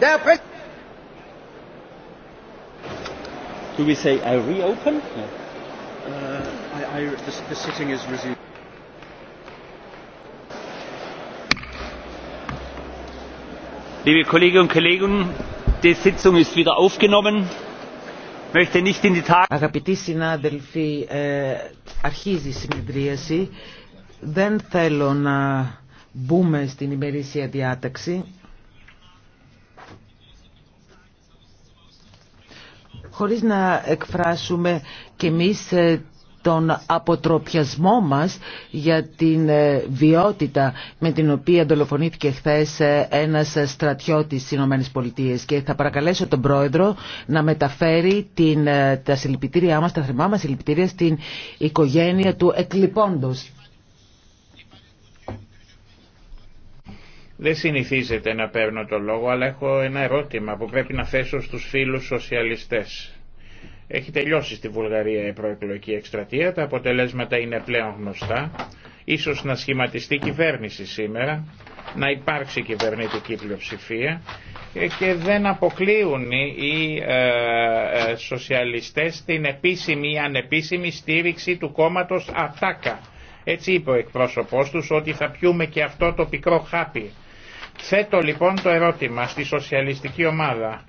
D'après. Do we say I reopen? Yeah. Uh, I, I, the, the sitting is resumed. Liebe Kolleginnen und Kollegen, die Sitzung ist wieder aufgenommen. Möchte nicht in die Tag. Αγαπητοί συνάδελφοι, ε, αρχίζει η συνεδρίαση. Δεν θέλω να μπούμε στην ημερήσια διάταξη. χωρίς να εκφράσουμε κι εμείς ε, τον αποτροπιασμό μας για την ε, βιότητα με την οποία δολοφονήθηκε χθε ε, ένας στρατιώτης της ΗΠΑ και θα παρακαλέσω τον Πρόεδρο να μεταφέρει την, τα συλληπιτήριά μας, τα θερμά μας συλληπιτήρια στην οικογένεια του εκλειπώντος. Δεν συνηθίζεται να παίρνω το λόγο, αλλά έχω ένα ερώτημα που πρέπει να θέσω στους φίλους σοσιαλιστές. Έχει τελειώσει στη Βουλγαρία η προεκλογική εκστρατεία, τα αποτελέσματα είναι πλέον γνωστά. Ίσως να σχηματιστεί κυβέρνηση σήμερα, να υπάρξει κυβερνητική πλειοψηφία ε, και δεν αποκλείουν οι ε, ε, σοσιαλιστές την επίσημη ή ανεπίσημη στήριξη του κόμματος ΑΤΑΚΑ. Έτσι είπε ο εκπρόσωπός τους ότι θα πιούμε και αυτό το πικρό χάπι. Θέτω λοιπόν το ερώτημα στη σοσιαλιστική ομάδα.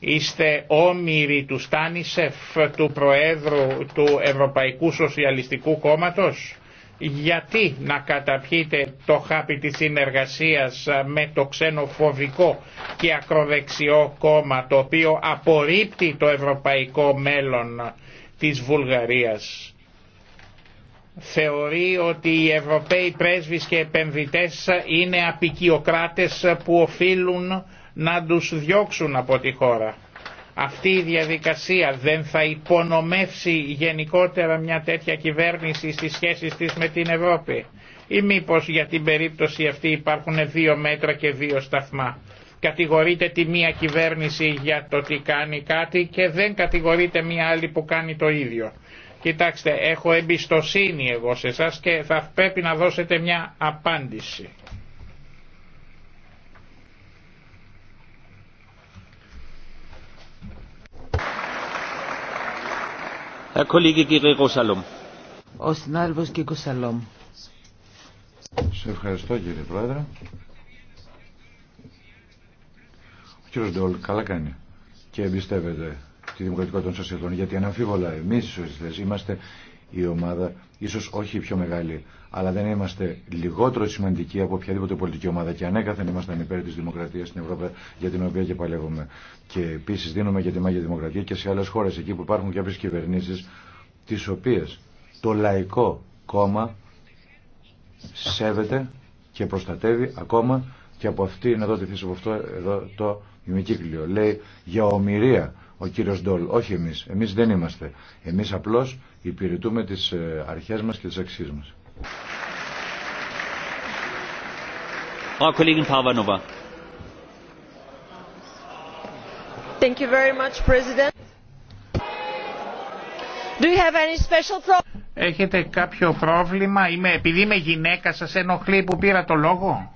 Είστε όμοιροι του Στάνισεφ, του Προέδρου του Ευρωπαϊκού Σοσιαλιστικού Κόμματος. Γιατί να καταπιείτε το χάπι της συνεργασίας με το ξενοφοβικό και ακροδεξιό κόμμα το οποίο απορρίπτει το ευρωπαϊκό μέλλον της Βουλγαρίας θεωρεί ότι οι Ευρωπαίοι πρέσβεις και επενδυτές είναι απικιοκράτες που οφείλουν να τους διώξουν από τη χώρα. Αυτή η διαδικασία δεν θα υπονομεύσει γενικότερα μια τέτοια κυβέρνηση στις σχέσεις της με την Ευρώπη ή μήπως για την περίπτωση αυτή υπάρχουν δύο μέτρα και δύο σταθμά. Κατηγορείται τη μία κυβέρνηση για το τι κάνει κάτι και δεν κατηγορείται μία άλλη που κάνει το ίδιο. Κοιτάξτε, έχω εμπιστοσύνη εγώ σε εσά και θα πρέπει να δώσετε μια απάντηση. Ο συνάδελφος Σαλόμ. Σε ευχαριστώ κύριε Πρόεδρε. Ο κύριος Ντόλ καλά κάνει και εμπιστεύεται τη δημοκρατικότητα των σοσιαλιστών. Γιατί αναμφίβολα εμείς οι σοσιαλιστέ είμαστε η ομάδα, ίσως όχι η πιο μεγάλη, αλλά δεν είμαστε λιγότερο σημαντικοί από οποιαδήποτε πολιτική ομάδα και ανέκαθεν ήμασταν υπέρ της δημοκρατίας στην Ευρώπη για την οποία και παλεύουμε. Και επίσης δίνουμε για τη μάγια δημοκρατία και σε άλλες χώρες εκεί που υπάρχουν κάποιες κυβερνήσεις τις οποίες το λαϊκό κόμμα σέβεται και προστατεύει ακόμα και από αυτή να εδώ τη θέση από αυτό εδώ το ημικύκλιο. Λέει για ομοιρία ο κύριος Ντόλ, όχι εμείς. Εμείς δεν είμαστε. Εμείς απλώς υπηρετούμε τις ε, αρχές μας και τις αξίες μας. Thank you very much, President. Do you have any special Έχετε κάποιο πρόβλημα, είμαι, επειδή είμαι γυναίκα σας ενοχλεί που πήρα το λόγο.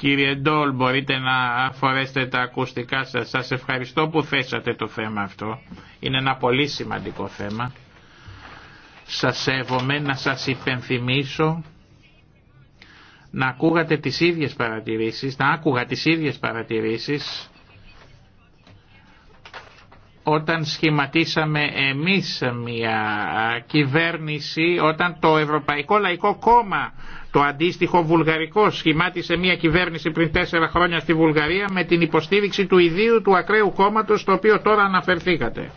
Κύριε Ντόλ, μπορείτε να φορέσετε τα ακουστικά σας. Σας ευχαριστώ που θέσατε το θέμα αυτό. Είναι ένα πολύ σημαντικό θέμα. Σας σέβομαι να σας υπενθυμίσω να ακούγατε τις ίδιες παρατηρήσεις, να άκουγα τις ίδιες παρατηρήσεις όταν σχηματίσαμε εμείς μια κυβέρνηση, όταν το Ευρωπαϊκό Λαϊκό Κόμμα, το αντίστοιχο βουλγαρικό, σχημάτισε μια κυβέρνηση πριν τέσσερα χρόνια στη Βουλγαρία με την υποστήριξη του ιδίου του ακραίου κόμματος, το οποίο τώρα αναφερθήκατε.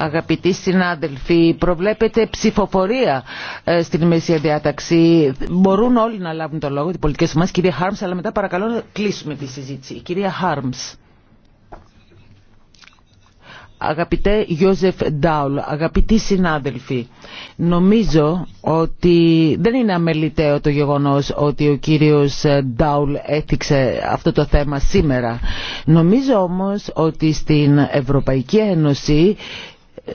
Αγαπητοί συνάδελφοι, προβλέπετε ψηφοφορία ε, στην ημερησία διάταξη. Μπορούν όλοι να λάβουν το λόγο, οι πολιτικές ομάδες. Κυρία Χάρμς, αλλά μετά παρακαλώ να κλείσουμε τη συζήτηση. Κυρία Χάρμς. Αγαπητέ Γιώζεφ Ντάουλ, αγαπητοί συνάδελφοι, νομίζω ότι δεν είναι αμεληταίο το γεγονός ότι ο κύριος Ντάουλ έθιξε αυτό το θέμα σήμερα. Νομίζω όμως ότι στην Ευρωπαϊκή Ένωση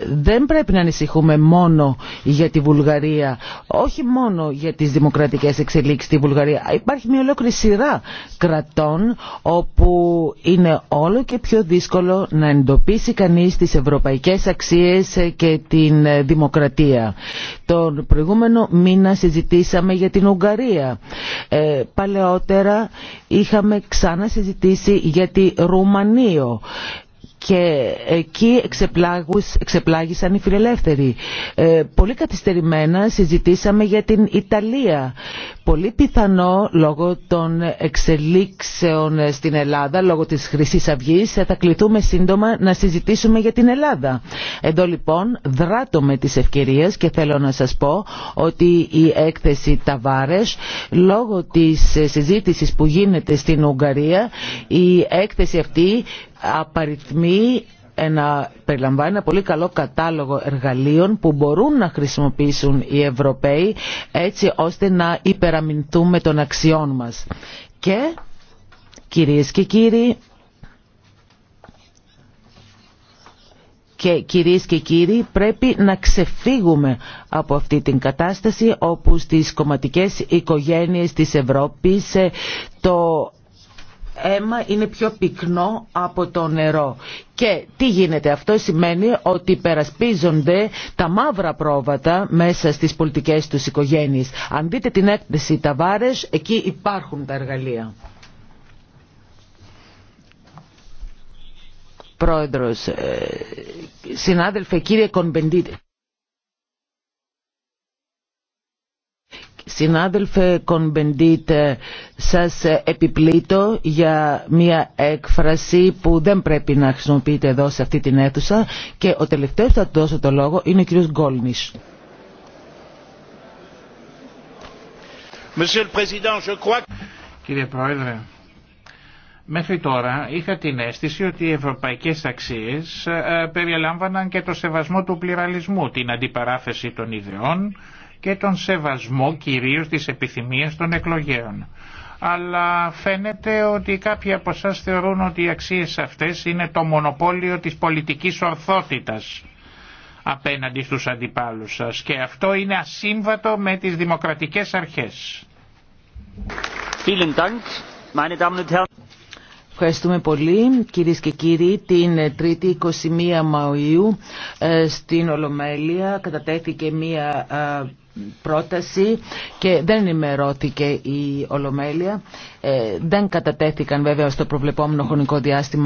δεν πρέπει να ανησυχούμε μόνο για τη Βουλγαρία, όχι μόνο για τις δημοκρατικές εξελίξεις στη Βουλγαρία. Υπάρχει μια ολόκληρη σειρά κρατών όπου είναι όλο και πιο δύσκολο να εντοπίσει κανείς τις ευρωπαϊκές αξίες και την δημοκρατία. Τον προηγούμενο μήνα συζητήσαμε για την Ουγγαρία. Ε, παλαιότερα είχαμε ξανασυζητήσει για τη Ρουμανία και εκεί εξεπλάγησαν οι φιλελεύθεροι. Ε, πολύ καθυστερημένα συζητήσαμε για την Ιταλία. Πολύ πιθανό λόγω των εξελίξεων στην Ελλάδα, λόγω της χρυσή αυγή, θα κληθούμε σύντομα να συζητήσουμε για την Ελλάδα. Εδώ λοιπόν δράτω με τις ευκαιρίες και θέλω να σας πω ότι η έκθεση Ταβάρες, λόγω της συζήτησης που γίνεται στην Ουγγαρία, η έκθεση αυτή απαριθμεί ένα, περιλαμβάνει ένα πολύ καλό κατάλογο εργαλείων που μπορούν να χρησιμοποιήσουν οι Ευρωπαίοι έτσι ώστε να υπεραμεινθούμε των αξιών μας. Και κυρίες και κύριοι, Και κυρίες και κύριοι πρέπει να ξεφύγουμε από αυτή την κατάσταση όπου στις κομματικές οικογένειες της Ευρώπης ε, το αίμα είναι πιο πυκνό από το νερό. Και τι γίνεται, αυτό σημαίνει ότι περασπίζονται τα μαύρα πρόβατα μέσα στις πολιτικές τους οικογένειες. Αν δείτε την έκθεση τα εκεί υπάρχουν τα εργαλεία. Πρόεδρος, ε, συνάδελφε κύριε Κονπεντήτη. Συνάδελφε Κονμπεντίτ, σας επιπλήτω για μια έκφραση που δεν πρέπει να χρησιμοποιείτε εδώ σε αυτή την αίθουσα και ο τελευταίος θα του δώσω το λόγο είναι ο κύριος Γκόλνης. Κύριε Πρόεδρε, μέχρι τώρα είχα την αίσθηση ότι οι ευρωπαϊκές αξίες ε, περιελάμβαναν και το σεβασμό του πληραλισμού, την αντιπαράθεση των ιδεών, και τον σεβασμό κυρίως της επιθυμίας των εκλογέων. Αλλά φαίνεται ότι κάποιοι από εσά θεωρούν ότι οι αξίες αυτές είναι το μονοπόλιο της πολιτικής ορθότητας απέναντι στους αντιπάλους σας και αυτό είναι ασύμβατο με τις δημοκρατικές αρχές. Ευχαριστούμε πολύ κυρίες και κύριοι. Την 3η 21 Μαΐου ε, στην Ολομέλεια κατατέθηκε μία ε, πρόταση και δεν ενημερώθηκε η Ολομέλεια. Ε, δεν κατατέθηκαν βέβαια στο προβλεπόμενο χρονικό διάστημα